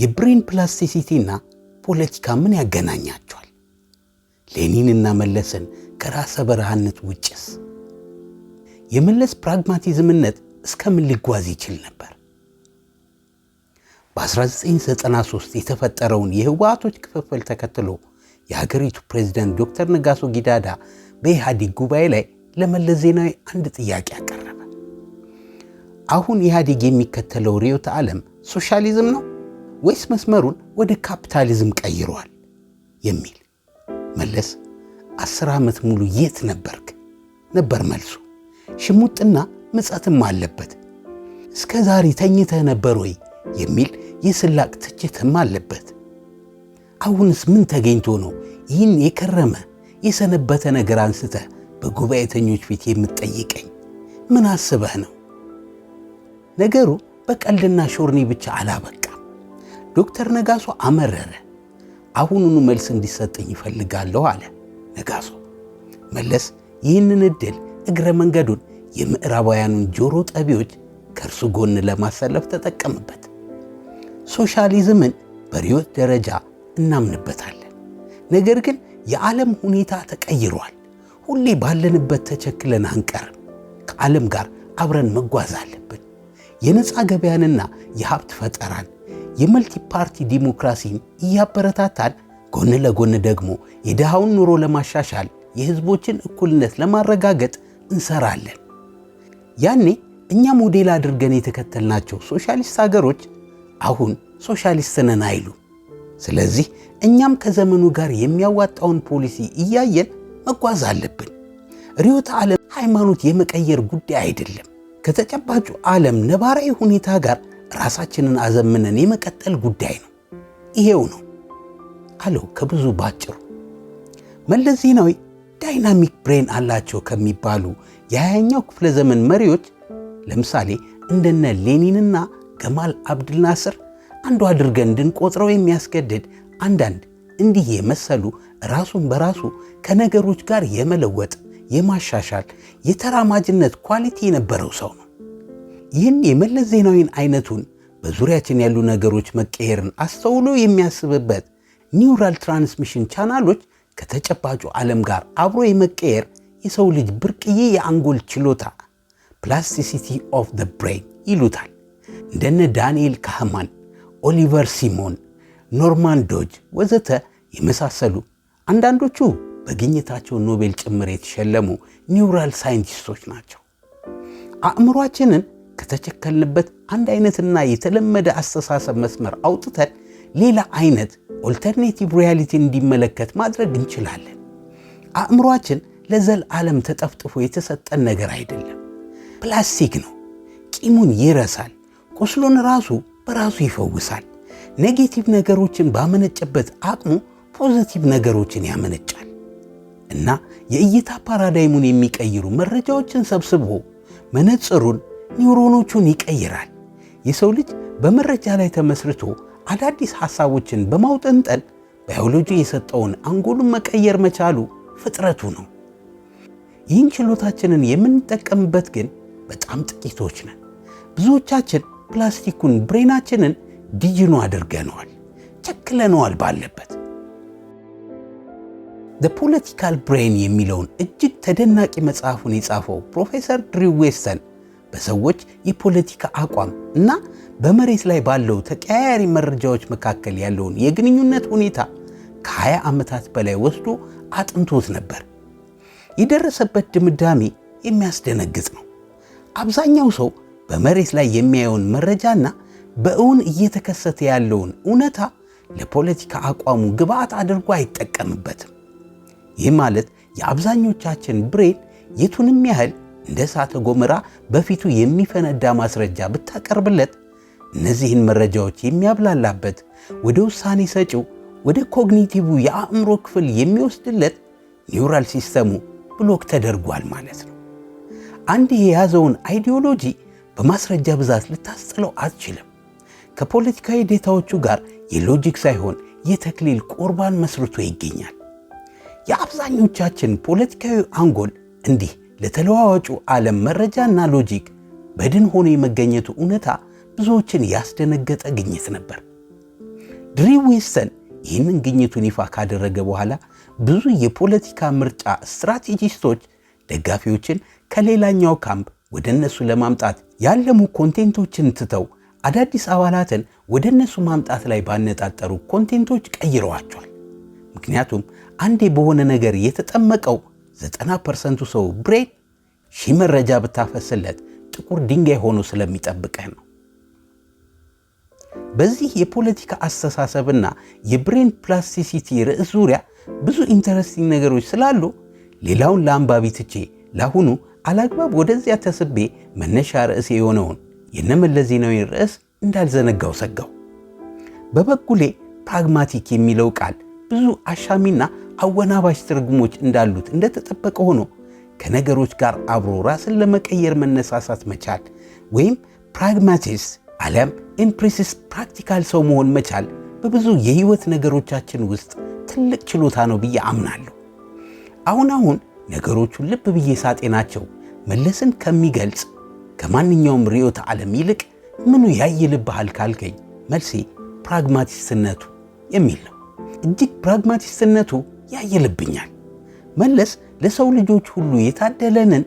የብሬን ፕላስቲሲቲና ፖለቲካ ምን ያገናኛቸዋል? ሌኒንና መለስን ከራሰ በረሃነት ውጭስ? የመለስ ፕራግማቲዝምነት እስከ ምን ሊጓዝ ይችል ነበር? በ1993 የተፈጠረውን የህወሓቶች ክፍፍል ተከትሎ የሀገሪቱ ፕሬዚደንት ዶክተር ነጋሶ ጊዳዳ በኢህአዴግ ጉባኤ ላይ ለመለስ ዜናዊ አንድ ጥያቄ አቀረበ። አሁን ኢህአዴግ የሚከተለው ርዕዮተ ዓለም ሶሻሊዝም ነው ወይስ መስመሩን ወደ ካፒታሊዝም ቀይረዋል የሚል መለስ አስር ዓመት ሙሉ የት ነበርክ ነበር መልሱ። ሽሙጥና ምጸትም አለበት። እስከ ዛሬ ተኝተህ ነበር ወይ የሚል የስላቅ ትችትም አለበት። አሁንስ ምን ተገኝቶ ነው ይህን የከረመ የሰነበተ ነገር አንስተህ በጉባኤተኞች ፊት የምትጠይቀኝ? ምን አስበህ ነው? ነገሩ በቀልድና ሾርኒ ብቻ አላበቅ ዶክተር ነጋሶ አመረረ። አሁኑኑ መልስ እንዲሰጠኝ ይፈልጋለሁ አለ ነጋሶ። መለስ ይህንን ዕድል እግረ መንገዱን የምዕራባውያኑን ጆሮ ጠቢዎች ከእርሱ ጎን ለማሰለፍ ተጠቀምበት። ሶሻሊዝምን በሪዮት ደረጃ እናምንበታለን። ነገር ግን የዓለም ሁኔታ ተቀይሯል። ሁሌ ባለንበት ተቸክለን አንቀርም። ከዓለም ጋር አብረን መጓዝ አለብን። የነፃ ገበያንና የሀብት ፈጠራን የመልቲ ፓርቲ ዲሞክራሲን እያበረታታን ጎን ለጎን ደግሞ የድሃውን ኑሮ ለማሻሻል የህዝቦችን እኩልነት ለማረጋገጥ እንሰራለን። ያኔ እኛ ሞዴል አድርገን የተከተልናቸው ሶሻሊስት ሀገሮች አሁን ሶሻሊስት ነን አይሉ። ስለዚህ እኛም ከዘመኑ ጋር የሚያዋጣውን ፖሊሲ እያየን መጓዝ አለብን። ርዕዮተ ዓለም ሃይማኖት የመቀየር ጉዳይ አይደለም። ከተጨባጩ ዓለም ነባራዊ ሁኔታ ጋር ራሳችንን አዘምነን የመቀጠል ጉዳይ ነው። ይሄው ነው አለው ከብዙ ባጭሩ። መለስ ዜናዊ ዳይናሚክ ብሬን አላቸው ከሚባሉ የሀያኛው ክፍለ ዘመን መሪዎች ለምሳሌ እንደነ ሌኒንና ገማል አብድል አንዱ አድርገን እንድንቆጥረው የሚያስገድድ አንዳንድ እንዲህ የመሰሉ ራሱን በራሱ ከነገሮች ጋር የመለወጥ የማሻሻል የተራማጅነት ኳሊቲ የነበረው ሰው ነው። ይህን የመለስ ዜናዊን አይነቱን በዙሪያችን ያሉ ነገሮች መቀየርን አስተውሎ የሚያስብበት ኒውራል ትራንስሚሽን ቻናሎች ከተጨባጩ ዓለም ጋር አብሮ የመቀየር የሰው ልጅ ብርቅዬ የአንጎል ችሎታ ፕላስቲሲቲ ኦፍ ዘ ብሬን ይሉታል። እንደነ ዳንኤል ካህማን፣ ኦሊቨር ሲሞን፣ ኖርማን ዶጅ ወዘተ የመሳሰሉ አንዳንዶቹ በግኝታቸው ኖቤል ጭምር የተሸለሙ ኒውራል ሳይንቲስቶች ናቸው። አእምሯችንን ከተቸከልንበት አንድ አይነትና የተለመደ አስተሳሰብ መስመር አውጥተን ሌላ አይነት ኦልተርኔቲቭ ሪያሊቲ እንዲመለከት ማድረግ እንችላለን። አእምሯችን ለዘላለም ተጠፍጥፎ የተሰጠን ነገር አይደለም፣ ፕላስቲክ ነው። ቂሙን ይረሳል፣ ቁስሉን ራሱ በራሱ ይፈውሳል። ኔጌቲቭ ነገሮችን ባመነጨበት አቅሙ ፖዚቲቭ ነገሮችን ያመነጫል እና የእይታ ፓራዳይሙን የሚቀይሩ መረጃዎችን ሰብስቦ መነጽሩን ኒውሮኖቹን ይቀይራል። የሰው ልጅ በመረጃ ላይ ተመስርቶ አዳዲስ ሐሳቦችን በማውጠንጠን ባዮሎጂ የሰጠውን አንጎሉን መቀየር መቻሉ ፍጥረቱ ነው። ይህን ችሎታችንን የምንጠቀምበት ግን በጣም ጥቂቶች ነን። ብዙዎቻችን ፕላስቲኩን ብሬናችንን ዲጅኖ አድርገነዋል፣ ቸክለነዋል ባለበት። ዘ ፖለቲካል ብሬን የሚለውን እጅግ ተደናቂ መጽሐፉን የጻፈው ፕሮፌሰር ድሪው ዌስተን በሰዎች የፖለቲካ አቋም እና በመሬት ላይ ባለው ተቀያያሪ መረጃዎች መካከል ያለውን የግንኙነት ሁኔታ ከ20 ዓመታት በላይ ወስዶ አጥንቶት ነበር። የደረሰበት ድምዳሜ የሚያስደነግጥ ነው። አብዛኛው ሰው በመሬት ላይ የሚያየውን መረጃና በእውን እየተከሰተ ያለውን እውነታ ለፖለቲካ አቋሙ ግብአት አድርጎ አይጠቀምበትም። ይህ ማለት የአብዛኞቻችን ብሬን የቱንም ያህል እንደ እሳተ ገሞራ በፊቱ የሚፈነዳ ማስረጃ ብታቀርብለት እነዚህን መረጃዎች የሚያብላላበት ወደ ውሳኔ ሰጪው ወደ ኮግኒቲቭ የአእምሮ ክፍል የሚወስድለት ኒውራል ሲስተሙ ብሎክ ተደርጓል ማለት ነው። አንድ የያዘውን አይዲዮሎጂ በማስረጃ ብዛት ልታስጥለው አትችልም። ከፖለቲካዊ ዴታዎቹ ጋር የሎጂክ ሳይሆን የተክሊል ቁርባን መስርቶ ይገኛል። የአብዛኞቻችን ፖለቲካዊ አንጎል እንዲህ ለተለዋዋጩ ዓለም መረጃና ሎጂክ በድን ሆኖ የመገኘቱ እውነታ ብዙዎችን ያስደነገጠ ግኝት ነበር። ድሪ ዊንስተን ይህንን ግኝቱን ይፋ ካደረገ በኋላ ብዙ የፖለቲካ ምርጫ ስትራቴጂስቶች ደጋፊዎችን ከሌላኛው ካምፕ ወደ እነሱ ለማምጣት ያለሙ ኮንቴንቶችን ትተው አዳዲስ አባላትን ወደ እነሱ ማምጣት ላይ ባነጣጠሩ ኮንቴንቶች ቀይረዋቸዋል። ምክንያቱም አንዴ በሆነ ነገር የተጠመቀው ዘጠና ፐርሰንቱ ሰው ብሬን ሺህ መረጃ ብታፈስለት ጥቁር ድንጋይ ሆኖ ስለሚጠብቀህ ነው። በዚህ የፖለቲካ አስተሳሰብና የብሬን ፕላስቲሲቲ ርዕስ ዙሪያ ብዙ ኢንተረስቲንግ ነገሮች ስላሉ ሌላውን ለአንባቢ ትቼ ለአሁኑ አላግባብ ወደዚያ ተስቤ መነሻ ርዕሴ የሆነውን የነመለስ ዜናዊን ርዕስ እንዳልዘነጋው ሰጋው። በበኩሌ ፕራግማቲክ የሚለው ቃል ብዙ አሻሚና አወናባሽ ትርጉሞች እንዳሉት እንደተጠበቀ ሆኖ ከነገሮች ጋር አብሮ ራስን ለመቀየር መነሳሳት መቻል ወይም ፕራግማቲስ አሊያም ኢምፕሪሲስ ፕራክቲካል ሰው መሆን መቻል በብዙ የህይወት ነገሮቻችን ውስጥ ትልቅ ችሎታ ነው ብዬ አምናለሁ። አሁን አሁን ነገሮቹን ልብ ብዬ ሳጤናቸው መለስን ከሚገልጽ ከማንኛውም ርዕዮተ ዓለም ይልቅ ምኑ ያይልብሃል ካልከኝ መልሴ ፕራግማቲስትነቱ የሚል ነው። እጅግ ፕራግማቲስትነቱ ያየልብኛል መለስ ለሰው ልጆች ሁሉ የታደለንን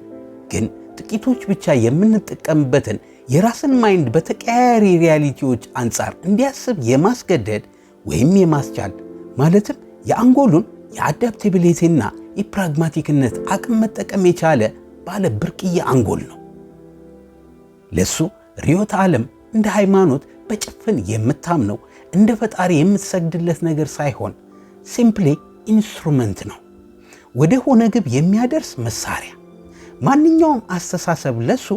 ግን ጥቂቶች ብቻ የምንጠቀምበትን የራስን ማይንድ በተቀያያሪ ሪያሊቲዎች አንጻር እንዲያስብ የማስገደድ ወይም የማስቻል ማለትም የአንጎሉን የአዳፕቴቢሊቲና የፕራግማቲክነት አቅም መጠቀም የቻለ ባለ ብርቅዬ አንጎል ነው። ለሱ ርዕዮተ ዓለም እንደ ሃይማኖት በጭፍን የምታምነው እንደ ፈጣሪ የምትሰግድለት ነገር ሳይሆን ሲምፕሊ ኢንስትሩመንት ነው፣ ወደ ሆነ ግብ የሚያደርስ መሳሪያ። ማንኛውም አስተሳሰብ ለሱ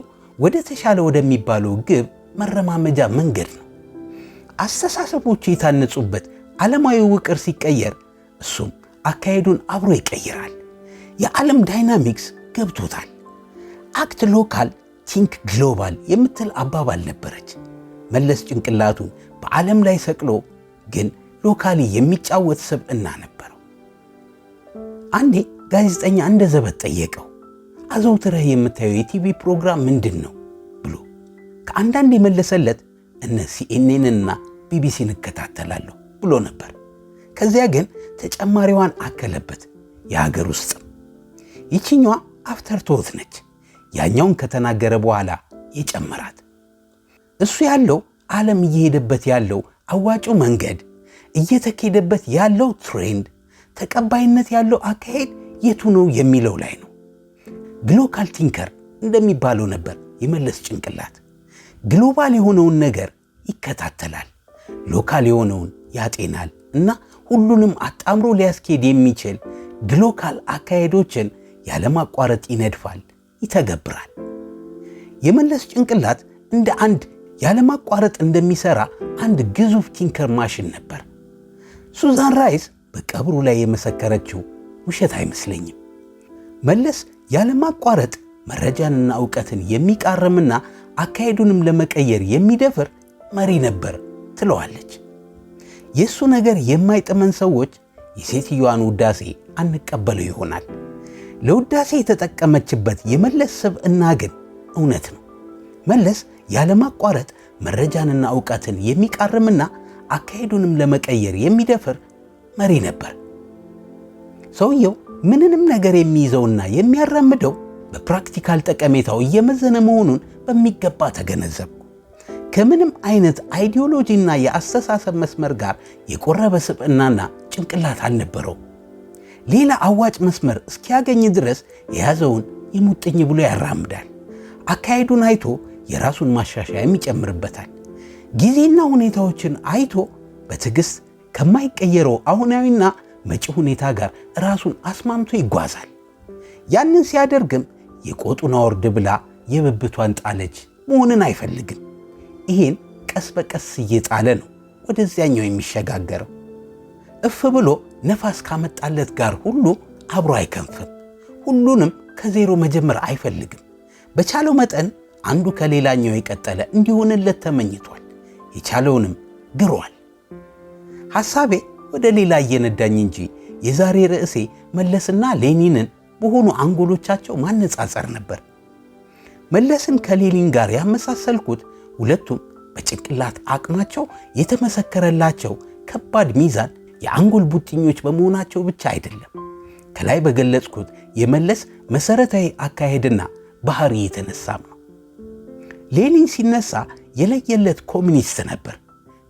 ወደ ተሻለ ወደሚባለው ግብ መረማመጃ መንገድ ነው። አስተሳሰቦቹ የታነጹበት ዓለማዊ ውቅር ሲቀየር እሱም አካሄዱን አብሮ ይቀይራል። የዓለም ዳይናሚክስ ገብቶታል። አክት ሎካል ቲንክ ግሎባል የምትል አባባል ነበረች። መለስ ጭንቅላቱን በዓለም ላይ ሰቅሎ ግን ሎካሊ የሚጫወት ስብዕና ነበረው። አንዴ ጋዜጠኛ እንደ ዘበት ጠየቀው፣ አዘውትረህ የምታየው የቲቪ ፕሮግራም ምንድን ነው ብሎ ከአንዳንድ የመለሰለት እነ ሲኤንኤንና ቢቢሲን እከታተላለሁ ብሎ ነበር። ከዚያ ግን ተጨማሪዋን አከለበት። የሀገር ውስጥም ይችኛዋ አፍተር ትወት ነች። ያኛውን ከተናገረ በኋላ የጨመራት እሱ ያለው ዓለም እየሄደበት ያለው አዋጩ መንገድ እየተካሄደበት ያለው ትሬንድ ተቀባይነት ያለው አካሄድ የቱ ነው የሚለው ላይ ነው። ግሎካል ቲንከር እንደሚባለው ነበር የመለስ ጭንቅላት። ግሎባል የሆነውን ነገር ይከታተላል፣ ሎካል የሆነውን ያጤናል እና ሁሉንም አጣምሮ ሊያስኬድ የሚችል ግሎካል አካሄዶችን ያለማቋረጥ ይነድፋል፣ ይተገብራል። የመለስ ጭንቅላት እንደ አንድ ያለማቋረጥ እንደሚሰራ አንድ ግዙፍ ቲንከር ማሽን ነበር። ሱዛን ራይስ በቀብሩ ላይ የመሰከረችው ውሸት አይመስለኝም። መለስ ያለማቋረጥ መረጃንና እውቀትን የሚቃርምና አካሄዱንም ለመቀየር የሚደፍር መሪ ነበር ትለዋለች። የእሱ ነገር የማይጥመን ሰዎች የሴትዮዋን ውዳሴ አንቀበለው ይሆናል። ለውዳሴ የተጠቀመችበት የመለስ ስብዕና ግን እውነት ነው። መለስ ያለማቋረጥ መረጃንና እውቀትን የሚቃርምና አካሄዱንም ለመቀየር የሚደፍር መሪ ነበር። ሰውየው ምንንም ነገር የሚይዘውና የሚያራምደው በፕራክቲካል ጠቀሜታው እየመዘነ መሆኑን በሚገባ ተገነዘብኩ። ከምንም አይነት አይዲዮሎጂና የአስተሳሰብ መስመር ጋር የቆረበ ስብዕናና ጭንቅላት አልነበረው። ሌላ አዋጭ መስመር እስኪያገኝ ድረስ የያዘውን የሙጥኝ ብሎ ያራምዳል። አካሄዱን አይቶ የራሱን ማሻሻያም ይጨምርበታል። ጊዜና ሁኔታዎችን አይቶ በትዕግሥት ከማይቀየረው አሁናዊና መጪ ሁኔታ ጋር ራሱን አስማምቶ ይጓዛል። ያንን ሲያደርግም የቆጡን አወርድ ብላ የብብቷን ጣለች መሆንን አይፈልግም። ይሄን ቀስ በቀስ እየጣለ ነው ወደዚያኛው የሚሸጋገረው። እፍ ብሎ ነፋስ ካመጣለት ጋር ሁሉ አብሮ አይከንፍም። ሁሉንም ከዜሮ መጀመር አይፈልግም። በቻለው መጠን አንዱ ከሌላኛው የቀጠለ እንዲሆንለት ተመኝቷል። የቻለውንም ግሯል። ሐሳቤ ወደ ሌላ እየነዳኝ እንጂ የዛሬ ርዕሴ መለስና ሌኒንን በሆኑ አንጎሎቻቸው ማነጻጸር ነበር። መለስን ከሌኒን ጋር ያመሳሰልኩት ሁለቱም በጭንቅላት አቅማቸው የተመሰከረላቸው ከባድ ሚዛን የአንጎል ቡጢኞች በመሆናቸው ብቻ አይደለም። ከላይ በገለጽኩት የመለስ መሠረታዊ አካሄድና ባህሪ የተነሳም ነው። ሌኒን ሲነሳ የለየለት ኮሚኒስት ነበር።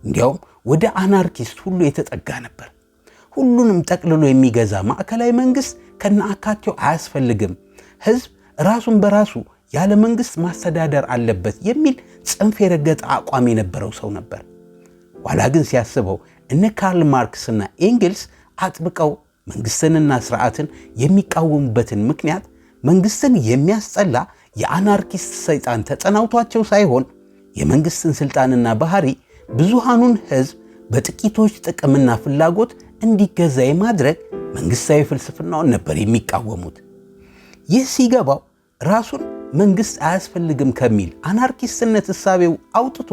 እንዲያውም ወደ አናርኪስት ሁሉ የተጠጋ ነበር። ሁሉንም ጠቅልሎ የሚገዛ ማዕከላዊ መንግስት ከነ አያስፈልግም፣ ህዝብ ራሱን በራሱ ያለ መንግስት ማስተዳደር አለበት የሚል ጽንፍ የረገጠ አቋም የነበረው ሰው ነበር። ኋላ ግን ሲያስበው እነ ካርል ማርክስና ኤንግልስ አጥብቀው መንግስትንና ስርዓትን የሚቃወሙበትን ምክንያት መንግስትን የሚያስጠላ የአናርኪስት ሰይጣን ተጸናውቷቸው ሳይሆን የመንግስትን ስልጣንና ባህሪ ብዙሃኑን ህዝብ በጥቂቶች ጥቅምና ፍላጎት እንዲገዛ የማድረግ መንግሥታዊ ፍልስፍናውን ነበር የሚቃወሙት። ይህ ሲገባው ራሱን መንግሥት አያስፈልግም ከሚል አናርኪስትነት እሳቤው አውጥቶ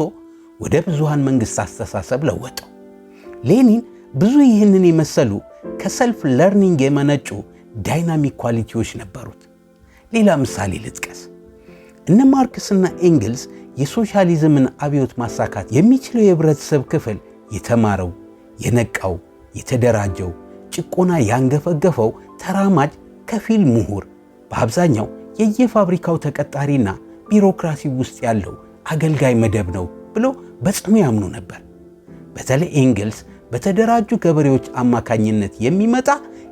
ወደ ብዙሃን መንግሥት አስተሳሰብ ለወጠው። ሌኒን ብዙ ይህንን የመሰሉ ከሰልፍ ለርኒንግ የመነጩ ዳይናሚክ ኳሊቲዎች ነበሩት። ሌላ ምሳሌ ልጥቀስ። እነ ማርክስና ኤንግልስ የሶሻሊዝምን አብዮት ማሳካት የሚችለው የህብረተሰብ ክፍል የተማረው፣ የነቃው፣ የተደራጀው፣ ጭቆና ያንገፈገፈው ተራማጅ ከፊል ምሁር፣ በአብዛኛው የየፋብሪካው ተቀጣሪና ቢሮክራሲ ውስጥ ያለው አገልጋይ መደብ ነው ብለው በጽኑ ያምኑ ነበር። በተለይ ኤንግልስ በተደራጁ ገበሬዎች አማካኝነት የሚመጣ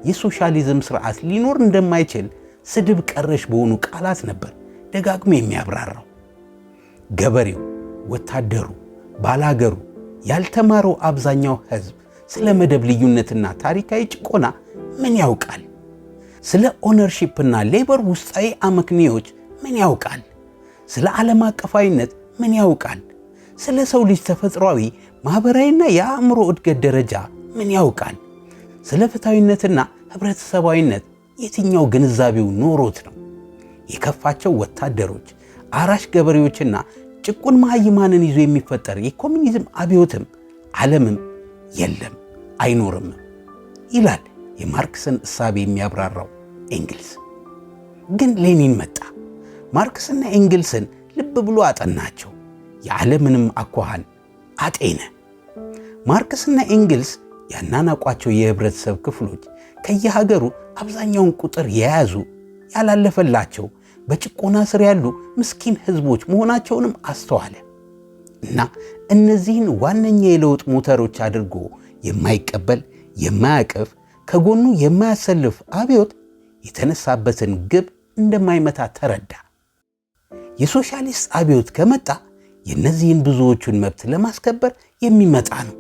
የሶሻሊዝም ስርዓት ሊኖር እንደማይችል ስድብ ቀረሽ በሆኑ ቃላት ነበር ደጋግሞ የሚያብራራው። ገበሬው፣ ወታደሩ፣ ባላገሩ፣ ያልተማረው አብዛኛው ህዝብ ስለ መደብ ልዩነትና ታሪካዊ ጭቆና ምን ያውቃል? ስለ ኦነርሺፕና ሌበር ውስጣዊ አመክንዮች ምን ያውቃል? ስለ ዓለም አቀፋዊነት ምን ያውቃል? ስለ ሰው ልጅ ተፈጥሯዊ ማኅበራዊና የአእምሮ እድገት ደረጃ ምን ያውቃል? ስለ ፍትሐዊነትና ኅብረተሰባዊነት የትኛው ግንዛቤው ኖሮት ነው? የከፋቸው ወታደሮች አራሽ ገበሬዎችና ጭቁን መሃይማንን ይዞ የሚፈጠር የኮሚኒዝም አብዮትም ዓለምም የለም አይኖርም ይላል የማርክስን እሳቤ የሚያብራራው ኤንግልስ። ግን ሌኒን መጣ። ማርክስና ኤንግልስን ልብ ብሎ አጠናቸው። የዓለምንም አኳኋን አጤነ። ማርክስና ኤንግልስ ያናናቋቸው የህብረተሰብ ክፍሎች ከየሀገሩ አብዛኛውን ቁጥር የያዙ ያላለፈላቸው በጭቆና ስር ያሉ ምስኪን ህዝቦች መሆናቸውንም አስተዋለ እና እነዚህን ዋነኛ የለውጥ ሞተሮች አድርጎ የማይቀበል የማያቅፍ ከጎኑ የማያሰልፍ አብዮት የተነሳበትን ግብ እንደማይመታ ተረዳ። የሶሻሊስት አብዮት ከመጣ የእነዚህን ብዙዎቹን መብት ለማስከበር የሚመጣ ነው።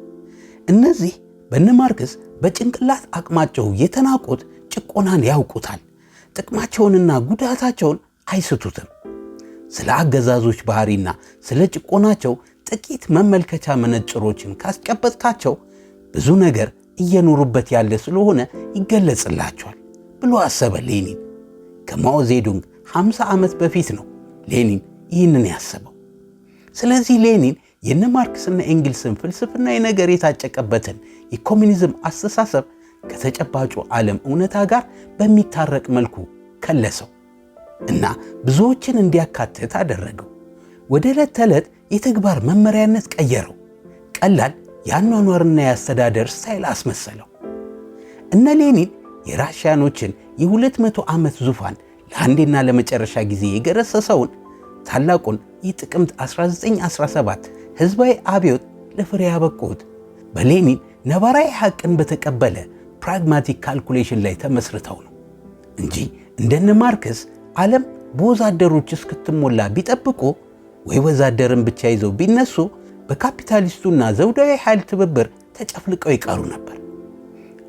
እነዚህ በነ ማርክስ በጭንቅላት አቅማቸው የተናቁት ጭቆናን ያውቁታል። ጥቅማቸውንና ጉዳታቸውን አይስቱትም። ስለ አገዛዞች ባህሪና ስለ ጭቆናቸው ጥቂት መመልከቻ መነጽሮችን ካስጨበጥካቸው ብዙ ነገር እየኖሩበት ያለ ስለሆነ ይገለጽላቸዋል ብሎ አሰበ ሌኒን። ከማኦ ዜዱንግ 50 ዓመት በፊት ነው ሌኒን ይህንን ያሰበው። ስለዚህ ሌኒን የነ ማርክስና ኤንግልስን ፍልስፍና የነገር የታጨቀበትን የኮሚኒዝም አስተሳሰብ ከተጨባጩ ዓለም እውነታ ጋር በሚታረቅ መልኩ ከለሰው። እና ብዙዎችን እንዲያካትት አደረገው። ወደ ዕለት ተዕለት የተግባር መመሪያነት ቀየረው። ቀላል የአኗኗርና የአስተዳደር ስታይል አስመሰለው። እነ ሌኒን የራሽያኖችን የ200 ዓመት ዙፋን ለአንዴና ለመጨረሻ ጊዜ የገረሰሰውን ታላቁን የጥቅምት 1917 ሕዝባዊ አብዮት ለፍሬ ያበቁት በሌኒን ነባራዊ ሐቅን በተቀበለ ፕራግማቲክ ካልኩሌሽን ላይ ተመስርተው ነው እንጂ እንደነ ማርክስ ዓለም በወዛደሮች እስክትሞላ ቢጠብቁ ወይ ወዛደርን ብቻ ይዘው ቢነሱ በካፒታሊስቱና ዘውዳዊ ኃይል ትብብር ተጨፍልቀው ይቀሩ ነበር።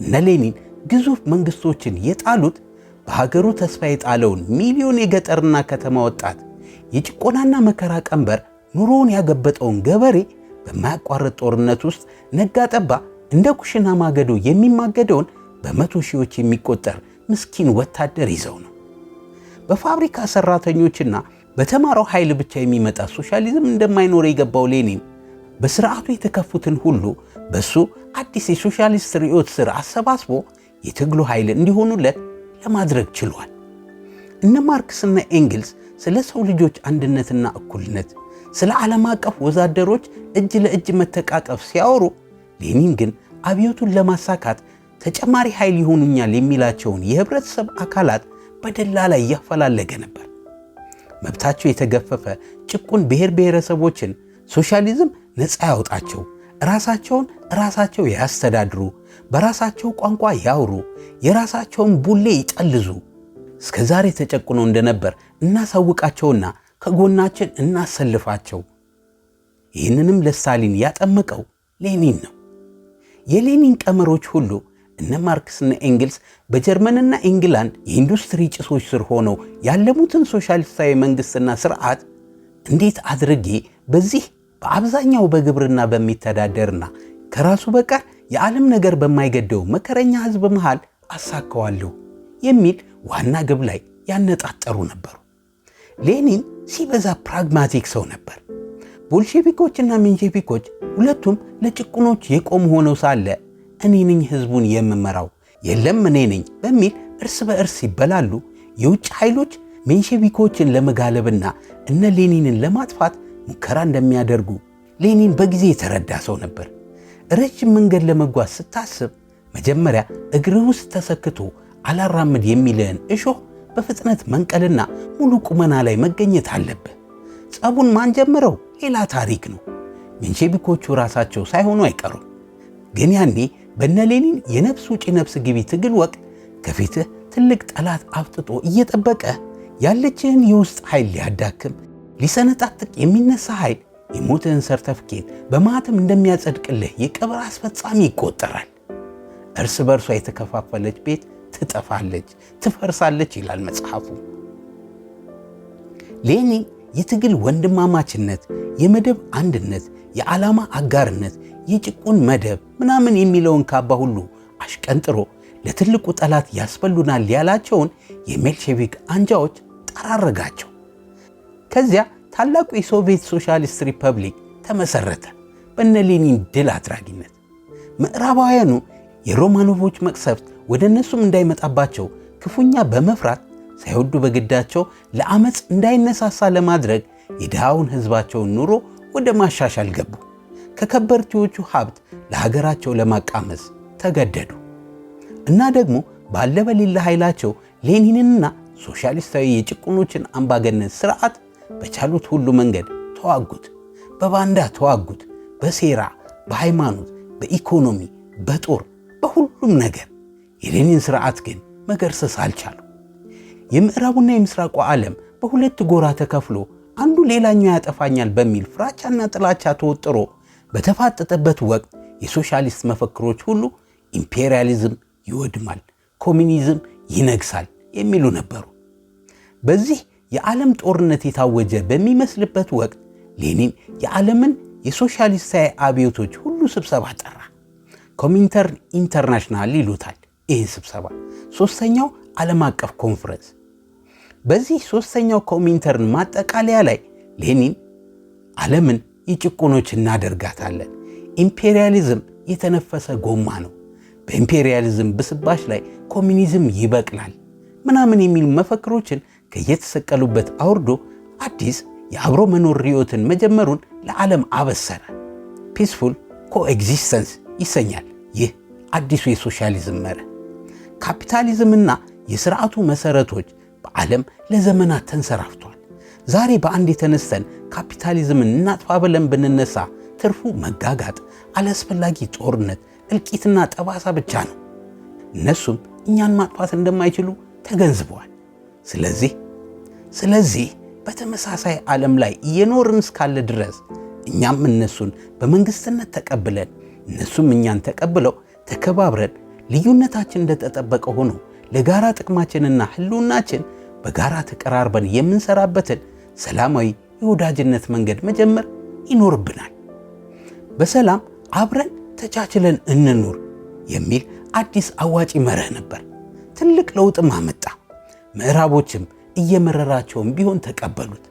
እነ ሌኒን ግዙፍ መንግስቶችን የጣሉት በሀገሩ ተስፋ የጣለውን ሚሊዮን የገጠርና ከተማ ወጣት የጭቆናና መከራ ቀንበር ኑሮውን ያገበጠውን ገበሬ በማያቋርጥ ጦርነት ውስጥ ነጋጠባ እንደ ኩሽና ማገዶ የሚማገደውን በመቶ ሺዎች የሚቆጠር ምስኪን ወታደር ይዘው ነው። በፋብሪካ ሰራተኞችና በተማረው ኃይል ብቻ የሚመጣ ሶሻሊዝም እንደማይኖር የገባው ሌኒን በስርዓቱ የተከፉትን ሁሉ በሱ አዲስ የሶሻሊስት ርዕዮተ ስር አሰባስቦ የትግሉ ኃይል እንዲሆኑለት ለማድረግ ችሏል። እነ ማርክስና ኤንግልስ ስለ ሰው ልጆች አንድነትና እኩልነት፣ ስለ ዓለም አቀፍ ወዛደሮች እጅ ለእጅ መተቃቀፍ ሲያወሩ፣ ሌኒን ግን አብዮቱን ለማሳካት ተጨማሪ ኃይል ይሆኑኛል የሚላቸውን የህብረተሰብ አካላት በደላላ እያፈላለገ ነበር። መብታቸው የተገፈፈ ጭቁን ብሔር ብሔረሰቦችን ሶሻሊዝም ነፃ ያውጣቸው፣ ራሳቸውን ራሳቸው ያስተዳድሩ፣ በራሳቸው ቋንቋ ያውሩ፣ የራሳቸውን ቡሌ ይጠልዙ፣ እስከ ዛሬ ተጨቁነው እንደነበር እናሳውቃቸውና ከጎናችን እናሰልፋቸው። ይህንንም ለስታሊን ያጠመቀው ሌኒን ነው። የሌኒን ቀመሮች ሁሉ እነ ማርክስና ኤንግልስ በጀርመንና ኢንግላንድ የኢንዱስትሪ ጭሶች ስር ሆነው ያለሙትን ሶሻሊስታዊ መንግሥትና ስርዓት እንዴት አድርጌ በዚህ በአብዛኛው በግብርና በሚተዳደርና ከራሱ በቀር የዓለም ነገር በማይገደው መከረኛ ሕዝብ መሃል አሳካዋለሁ የሚል ዋና ግብ ላይ ያነጣጠሩ ነበሩ። ሌኒን ሲበዛ ፕራግማቲክ ሰው ነበር። ቦልሼቪኮችና ሚንሼቪኮች ሁለቱም ለጭቁኖች የቆሙ ሆነው ሳለ እኔ ነኝ ህዝቡን የምመራው የለም እኔ ነኝ በሚል እርስ በእርስ ይበላሉ። የውጭ ኃይሎች ሜንሼቪኮችን ለመጋለብና እነ ሌኒንን ለማጥፋት ሙከራ እንደሚያደርጉ ሌኒን በጊዜ የተረዳ ሰው ነበር። ረጅም መንገድ ለመጓዝ ስታስብ መጀመሪያ እግርህ ውስጥ ተሰክቶ አላራምድ የሚልህን እሾህ በፍጥነት መንቀልና ሙሉ ቁመና ላይ መገኘት አለብህ። ጸቡን ማን ጀምረው ሌላ ታሪክ ነው። ሜንሼቪኮቹ ራሳቸው ሳይሆኑ አይቀሩም። ግን ያኔ በነ ሌኒን የነፍስ ውጪ ነፍስ ግቢ ትግል ወቅት ከፊትህ ትልቅ ጠላት አፍጥጦ እየጠበቀ ያለችህን የውስጥ ኃይል ሊያዳክም ሊሰነጣጥቅ የሚነሳ ኃይል የሞትህን ሰርተፍኬት በማኅተም እንደሚያጸድቅልህ የቀብር አስፈጻሚ ይቆጠራል። እርስ በእርሷ የተከፋፈለች ቤት ትጠፋለች፣ ትፈርሳለች ይላል መጽሐፉ። ሌኒን የትግል ወንድማማችነት፣ የመደብ አንድነት፣ የዓላማ አጋርነት፣ የጭቁን መደብ ምናምን የሚለውን ካባ ሁሉ አሽቀንጥሮ ለትልቁ ጠላት ያስፈሉናል ያላቸውን የሜልሼቪክ አንጃዎች ጠራረጋቸው። ከዚያ ታላቁ የሶቪየት ሶሻሊስት ሪፐብሊክ ተመሰረተ። በነ ሌኒን ድል አድራጊነት ምዕራባውያኑ የሮማኖቮች መቅሰፍት ወደ እነሱም እንዳይመጣባቸው ክፉኛ በመፍራት ሳይወዱ በግዳቸው ለአመፅ እንዳይነሳሳ ለማድረግ የድሃውን ሕዝባቸውን ኑሮ ወደ ማሻሻል ገቡ። ከከበርቴዎቹ ሀብት ለሀገራቸው ለማቃመስ ተገደዱ እና ደግሞ ባለበሌለ ኃይላቸው ሌኒንንና ሶሻሊስታዊ የጭቁኖችን አምባገነን ስርዓት በቻሉት ሁሉ መንገድ ተዋጉት። በባንዳ ተዋጉት፣ በሴራ በሃይማኖት፣ በኢኮኖሚ፣ በጦር በሁሉም ነገር። የሌኒን ስርዓት ግን መገርሰስ አልቻሉ። የምዕራቡና የምስራቁ ዓለም በሁለት ጎራ ተከፍሎ አንዱ ሌላኛው ያጠፋኛል በሚል ፍራቻና ጥላቻ ተወጥሮ በተፋጠጠበት ወቅት የሶሻሊስት መፈክሮች ሁሉ ኢምፔሪያሊዝም ይወድማል፣ ኮሚኒዝም ይነግሳል የሚሉ ነበሩ። በዚህ የዓለም ጦርነት የታወጀ በሚመስልበት ወቅት ሌኒን የዓለምን የሶሻሊስታዊ አብዮቶች ሁሉ ስብሰባ ጠራ። ኮሚንተርን ኢንተርናሽናል ይሉታል። ይህን ስብሰባ ሶስተኛው ዓለም አቀፍ ኮንፈረንስ። በዚህ ሶስተኛው ኮሚንተርን ማጠቃለያ ላይ ሌኒን ዓለምን የጭቁኖች እናደርጋታለን። ኢምፔሪያሊዝም የተነፈሰ ጎማ ነው። በኢምፔሪያሊዝም ብስባሽ ላይ ኮሚኒዝም ይበቅላል ምናምን የሚሉ መፈክሮችን ከየተሰቀሉበት አውርዶ አዲስ የአብሮ መኖር ሪዮትን መጀመሩን ለዓለም አበሰረ። ፒስፉል ኮኤግዚስተንስ ይሰኛል ይህ አዲሱ የሶሻሊዝም መርህ። ካፒታሊዝምና የሥርዓቱ መሠረቶች በዓለም ለዘመናት ተንሰራፍቷል። ዛሬ በአንድ የተነስተን ካፒታሊዝምን እናጥፋ ብለን ብንነሳ ትርፉ መጋጋጥ፣ አላስፈላጊ ጦርነት፣ እልቂትና ጠባሳ ብቻ ነው። እነሱም እኛን ማጥፋት እንደማይችሉ ተገንዝበዋል። ስለዚህ ስለዚህ በተመሳሳይ ዓለም ላይ እየኖርን እስካለ ድረስ እኛም እነሱን በመንግስትነት ተቀብለን እነሱም እኛን ተቀብለው ተከባብረን ልዩነታችን እንደተጠበቀ ሆኖ ለጋራ ጥቅማችንና ሕልውናችን በጋራ ተቀራርበን የምንሰራበትን ሰላማዊ የወዳጅነት መንገድ መጀመር ይኖርብናል። በሰላም አብረን ተቻችለን እንኑር የሚል አዲስ አዋጪ መርህ ነበር። ትልቅ ለውጥም አመጣ። ምዕራቦችም እየመረራቸውም ቢሆን ተቀበሉት።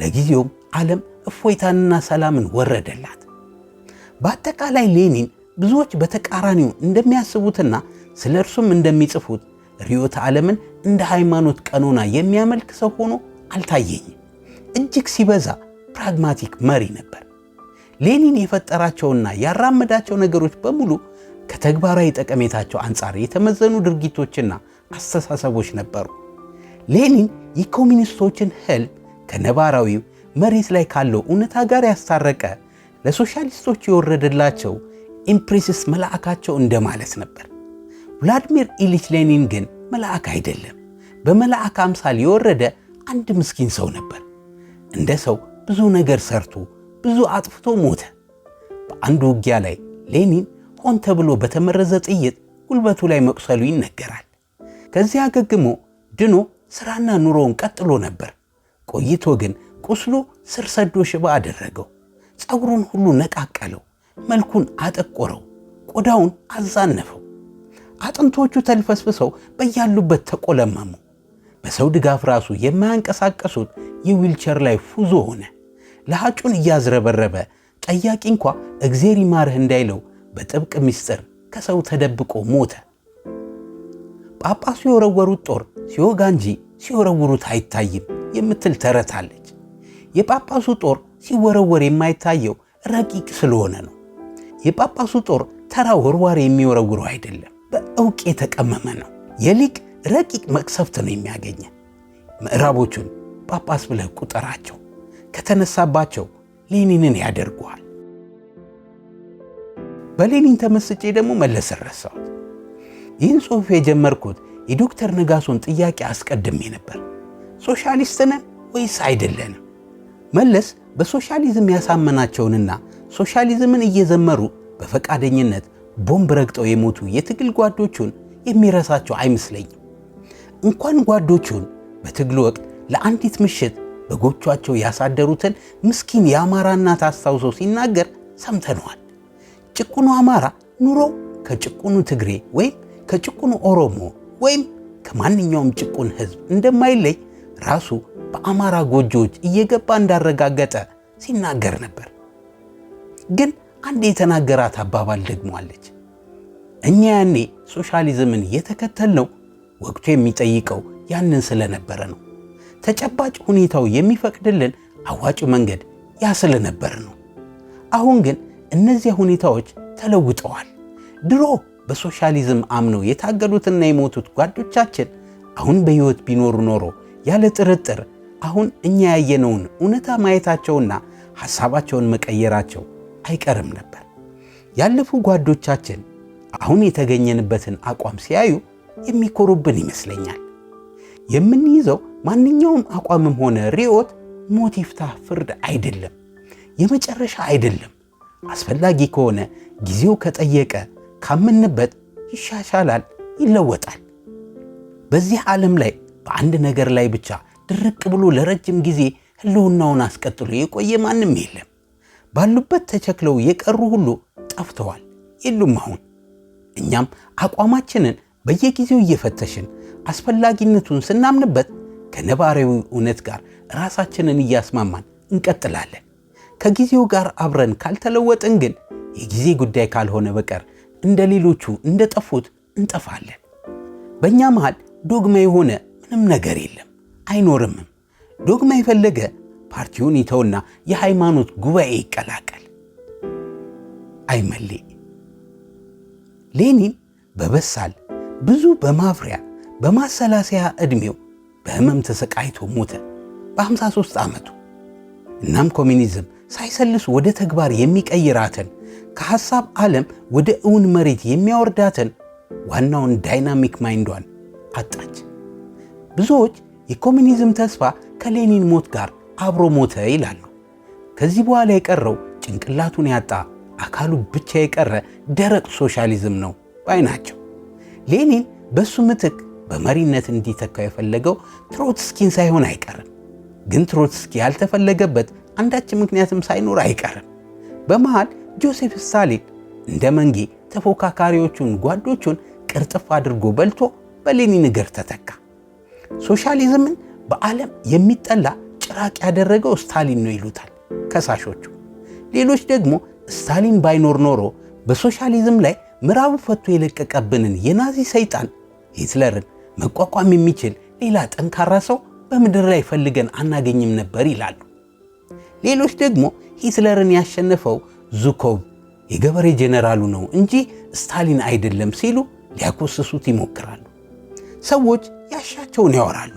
ለጊዜውም ዓለም እፎይታንና ሰላምን ወረደላት። በአጠቃላይ ሌኒን ብዙዎች በተቃራኒው እንደሚያስቡትና ስለ እርሱም እንደሚጽፉት ርዕዮተ ዓለምን እንደ ሃይማኖት ቀኖና የሚያመልክ ሰው ሆኖ አልታየኝም። እጅግ ሲበዛ ፕራግማቲክ መሪ ነበር። ሌኒን የፈጠራቸውና ያራመዳቸው ነገሮች በሙሉ ከተግባራዊ ጠቀሜታቸው አንጻር የተመዘኑ ድርጊቶችና አስተሳሰቦች ነበሩ። ሌኒን የኮሚኒስቶችን ህልም ከነባራዊው መሬት ላይ ካለው እውነታ ጋር ያስታረቀ ለሶሻሊስቶች የወረደላቸው ኢምፕሬስስ መልአካቸው እንደማለት ነበር። ቭላድሚር ኢሊች ሌኒን ግን መልአክ አይደለም። በመልአክ አምሳል የወረደ አንድ ምስኪን ሰው ነበር። እንደ ሰው ብዙ ነገር ሰርቶ ብዙ አጥፍቶ ሞተ። በአንድ ውጊያ ላይ ሌኒን ሆን ተብሎ በተመረዘ ጥይት ጉልበቱ ላይ መቁሰሉ ይነገራል። ከዚያ አገግሞ ድኖ ስራና ኑሮውን ቀጥሎ ነበር። ቆይቶ ግን ቁስሉ ስር ሰዶ ሽባ አደረገው። ፀጉሩን ሁሉ ነቃቀለው፣ መልኩን አጠቆረው፣ ቆዳውን አዛነፈው። አጥንቶቹ ተልፈስፍሰው በያሉበት ተቆለመሙ። በሰው ድጋፍ ራሱ የማያንቀሳቀሱት የዊልቸር ላይ ፉዞ ሆነ። ለሐጩን እያዝረበረበ ጠያቂ እንኳ እግዜር ይማርህ እንዳይለው በጥብቅ ምስጢር ከሰው ተደብቆ ሞተ። ጳጳሱ የወረወሩት ጦር ሲወጋ እንጂ ሲወረውሩት አይታይም የምትል ተረት አለች። የጳጳሱ ጦር ሲወረወር የማይታየው ረቂቅ ስለሆነ ነው። የጳጳሱ ጦር ተራ ወርዋር የሚወረውረው አይደለም፣ በእውቅ የተቀመመ ነው። የሊቅ ረቂቅ መቅሰፍት ነው የሚያገኘ። ምዕራቦቹን ጳጳስ ብለህ ቁጠራቸው፣ ከተነሳባቸው ሌኒንን ያደርገዋል። በሌኒን ተመስጬ ደግሞ መለስን ረሳሁት። ይህን ጽሑፍ የጀመርኩት የዶክተር ነጋሶን ጥያቄ አስቀድሜ ነበር። ሶሻሊስት ነን ወይስ አይደለንም? መለስ በሶሻሊዝም ያሳመናቸውንና ሶሻሊዝምን እየዘመሩ በፈቃደኝነት ቦምብ ረግጠው የሞቱ የትግል ጓዶቹን የሚረሳቸው አይመስለኝም። እንኳን ጓዶቹን በትግል ወቅት ለአንዲት ምሽት በጎቿቸው ያሳደሩትን ምስኪን የአማራ እናት አስታውሶ ሲናገር ሰምተነዋል። ጭቁኑ አማራ ኑሮ ከጭቁኑ ትግሬ ወይም ከጭቁኑ ኦሮሞ ወይም ከማንኛውም ጭቁን ሕዝብ እንደማይለይ ራሱ በአማራ ጎጆዎች እየገባ እንዳረጋገጠ ሲናገር ነበር። ግን አንድ የተናገራት አባባል ደግሟለች። እኛ ያኔ ሶሻሊዝምን የተከተልነው ወቅቱ የሚጠይቀው ያንን ስለነበረ ነው። ተጨባጭ ሁኔታው የሚፈቅድልን አዋጩ መንገድ ያ ስለነበረ ነው። አሁን ግን እነዚያ ሁኔታዎች ተለውጠዋል። ድሮ በሶሻሊዝም አምነው የታገዱትና የሞቱት ጓዶቻችን አሁን በሕይወት ቢኖሩ ኖሮ ያለ ጥርጥር አሁን እኛ ያየነውን እውነታ ማየታቸውና ሐሳባቸውን መቀየራቸው አይቀርም ነበር። ያለፉ ጓዶቻችን አሁን የተገኘንበትን አቋም ሲያዩ የሚኮሩብን ይመስለኛል። የምንይዘው ማንኛውም አቋምም ሆነ ርዕዮት ሞት ይፍታ ፍርድ አይደለም፣ የመጨረሻ አይደለም። አስፈላጊ ከሆነ ጊዜው ከጠየቀ ካምንበት ይሻሻላል፣ ይለወጣል። በዚህ ዓለም ላይ በአንድ ነገር ላይ ብቻ ድርቅ ብሎ ለረጅም ጊዜ ህልውናውን አስቀጥሎ የቆየ ማንም የለም። ባሉበት ተቸክለው የቀሩ ሁሉ ጠፍተዋል፣ የሉም አሁን። እኛም አቋማችንን በየጊዜው እየፈተሽን አስፈላጊነቱን ስናምንበት ከነባራዊ እውነት ጋር ራሳችንን እያስማማን እንቀጥላለን። ከጊዜው ጋር አብረን ካልተለወጥን ግን የጊዜ ጉዳይ ካልሆነ በቀር እንደ ሌሎቹ እንደ ጠፉት እንጠፋለን። በእኛ መሃል ዶግማ የሆነ ምንም ነገር የለም አይኖርምም። ዶግማ የፈለገ ፓርቲውን ይተውና የሃይማኖት ጉባኤ ይቀላቀል። አይመሌ ሌኒን በበሳል ብዙ በማፍሪያ በማሰላሰያ ዕድሜው በህመም ተሰቃይቶ ሞተ በ53 ዓመቱ። እናም ኮሚኒዝም ሳይሰልስ ወደ ተግባር የሚቀይራትን ከሐሳብ ዓለም ወደ እውን መሬት የሚያወርዳትን ዋናውን ዳይናሚክ ማይንዷን አጣች። ብዙዎች የኮሚኒዝም ተስፋ ከሌኒን ሞት ጋር አብሮ ሞተ ይላሉ። ከዚህ በኋላ የቀረው ጭንቅላቱን ያጣ አካሉ ብቻ የቀረ ደረቅ ሶሻሊዝም ነው ባይ ናቸው። ሌኒን በሱ ምትክ በመሪነት እንዲተካ የፈለገው ትሮትስኪን ሳይሆን አይቀርም። ግን ትሮትስኪ ያልተፈለገበት አንዳች ምክንያትም ሳይኖር አይቀርም። በመሃል ጆሴፍ ስታሊን እንደ መንጌ ተፎካካሪዎቹን ጓዶቹን ቅርጥፍ አድርጎ በልቶ በሌኒን እግር ተተካ። ሶሻሊዝምን በዓለም የሚጠላ ጭራቅ ያደረገው ስታሊን ነው ይሉታል ከሳሾቹ። ሌሎች ደግሞ ስታሊን ባይኖር ኖሮ በሶሻሊዝም ላይ ምዕራቡ ፈቶ የለቀቀብንን የናዚ ሰይጣን ሂትለርን መቋቋም የሚችል ሌላ ጠንካራ ሰው በምድር ላይ ፈልገን አናገኝም ነበር ይላሉ። ሌሎች ደግሞ ሂትለርን ያሸነፈው ዙኮቭ የገበሬ ጄኔራሉ ነው እንጂ ስታሊን አይደለም ሲሉ ሊያኮስሱት ይሞክራሉ። ሰዎች ያሻቸውን ያወራሉ።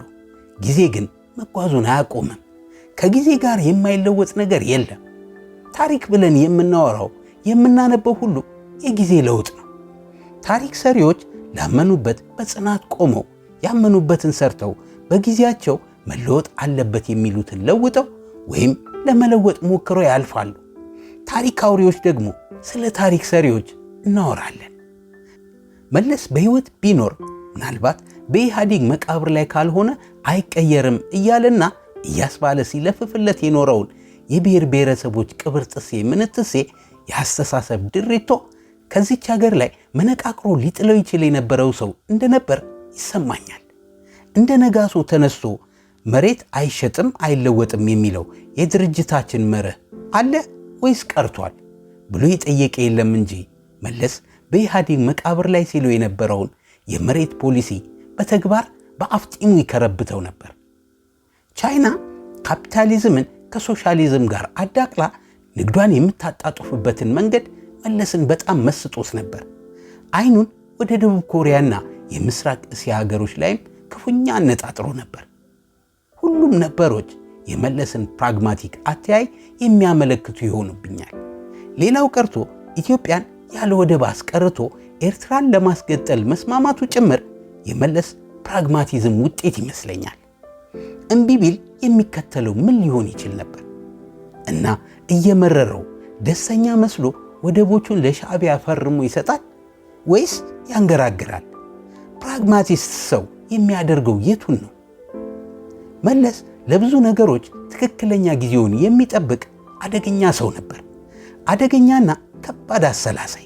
ጊዜ ግን መጓዙን አያቆምም። ከጊዜ ጋር የማይለወጥ ነገር የለም። ታሪክ ብለን የምናወራው የምናነበው ሁሉ የጊዜ ለውጥ ታሪክ ሰሪዎች ላመኑበት በጽናት ቆመው ያመኑበትን ሰርተው በጊዜያቸው መለወጥ አለበት የሚሉትን ለውጠው ወይም ለመለወጥ ሞክረው ያልፋሉ። ታሪክ አውሪዎች ደግሞ ስለ ታሪክ ሰሪዎች እናወራለን። መለስ በሕይወት ቢኖር ምናልባት በኢህአዴግ መቃብር ላይ ካልሆነ አይቀየርም እያለና እያስባለ ሲለፍፍለት የኖረውን የብሔር ብሔረሰቦች ቅብር ጥሴ ምንትሴ የአስተሳሰብ ድሪቶ ከዚች ሀገር ላይ መነቃቅሮ ሊጥለው ይችል የነበረው ሰው እንደነበር ይሰማኛል። እንደ ነጋሶ ተነስቶ መሬት አይሸጥም አይለወጥም የሚለው የድርጅታችን መርህ አለ ወይስ ቀርቷል ብሎ የጠየቀ የለም እንጂ መለስ በኢህአዴግ መቃብር ላይ ሲለው የነበረውን የመሬት ፖሊሲ በተግባር በአፍጢሙ ይከረብተው ነበር። ቻይና ካፒታሊዝምን ከሶሻሊዝም ጋር አዳቅላ ንግዷን የምታጣጡፍበትን መንገድ መለስን በጣም መስጦት ነበር። አይኑን ወደ ደቡብ ኮሪያና የምስራቅ እስያ ሀገሮች ላይም ክፉኛ አነጣጥሮ ነበር። ሁሉም ነበሮች የመለስን ፕራግማቲክ አተያይ የሚያመለክቱ ይሆኑብኛል። ሌላው ቀርቶ ኢትዮጵያን ያለ ወደብ አስቀርቶ ኤርትራን ለማስገጠል መስማማቱ ጭምር የመለስ ፕራግማቲዝም ውጤት ይመስለኛል። እምቢ ቢል የሚከተለው ምን ሊሆን ይችል ነበር? እና እየመረረው ደስተኛ መስሎ ወደቦቹን ለሻዕቢያ ፈርሞ ይሰጣል ወይስ ያንገራግራል? ፕራግማቲስት ሰው የሚያደርገው የቱን ነው? መለስ ለብዙ ነገሮች ትክክለኛ ጊዜውን የሚጠብቅ አደገኛ ሰው ነበር። አደገኛና ከባድ አሰላሳይ።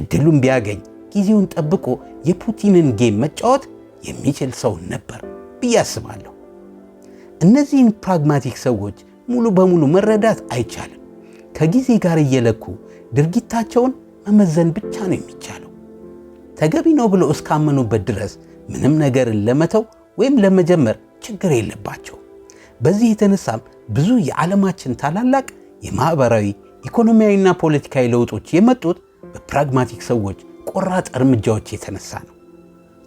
እድሉን ቢያገኝ ጊዜውን ጠብቆ የፑቲንን ጌም መጫወት የሚችል ሰው ነበር ብዬ አስባለሁ። እነዚህን ፕራግማቲክ ሰዎች ሙሉ በሙሉ መረዳት አይቻልም። ከጊዜ ጋር እየለኩ ድርጊታቸውን መመዘን ብቻ ነው የሚቻለው። ተገቢ ነው ብለው እስካመኑበት ድረስ ምንም ነገርን ለመተው ወይም ለመጀመር ችግር የለባቸው። በዚህ የተነሳም ብዙ የዓለማችን ታላላቅ የማኅበራዊ ኢኮኖሚያዊና ፖለቲካዊ ለውጦች የመጡት በፕራግማቲክ ሰዎች ቆራጥ እርምጃዎች የተነሳ ነው።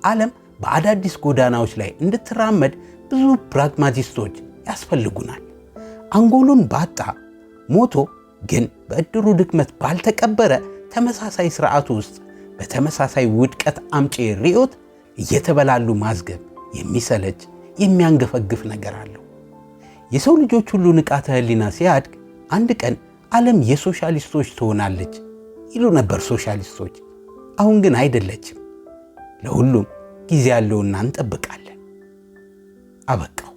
ዓለም በአዳዲስ ጎዳናዎች ላይ እንድትራመድ ብዙ ፕራግማቲስቶች ያስፈልጉናል። አንጎሉን ባጣ ሞቶ ግን በእድሩ ድክመት ባልተቀበረ ተመሳሳይ ስርዓቱ ውስጥ በተመሳሳይ ውድቀት አምጪ ርዕዮት እየተበላሉ ማዝገብ የሚሰለች የሚያንገፈግፍ ነገር አለው። የሰው ልጆች ሁሉ ንቃተ ህሊና ሲያድግ አንድ ቀን ዓለም የሶሻሊስቶች ትሆናለች ይሉ ነበር ሶሻሊስቶች። አሁን ግን አይደለችም። ለሁሉም ጊዜ ያለውና እንጠብቃለን። አበቃ።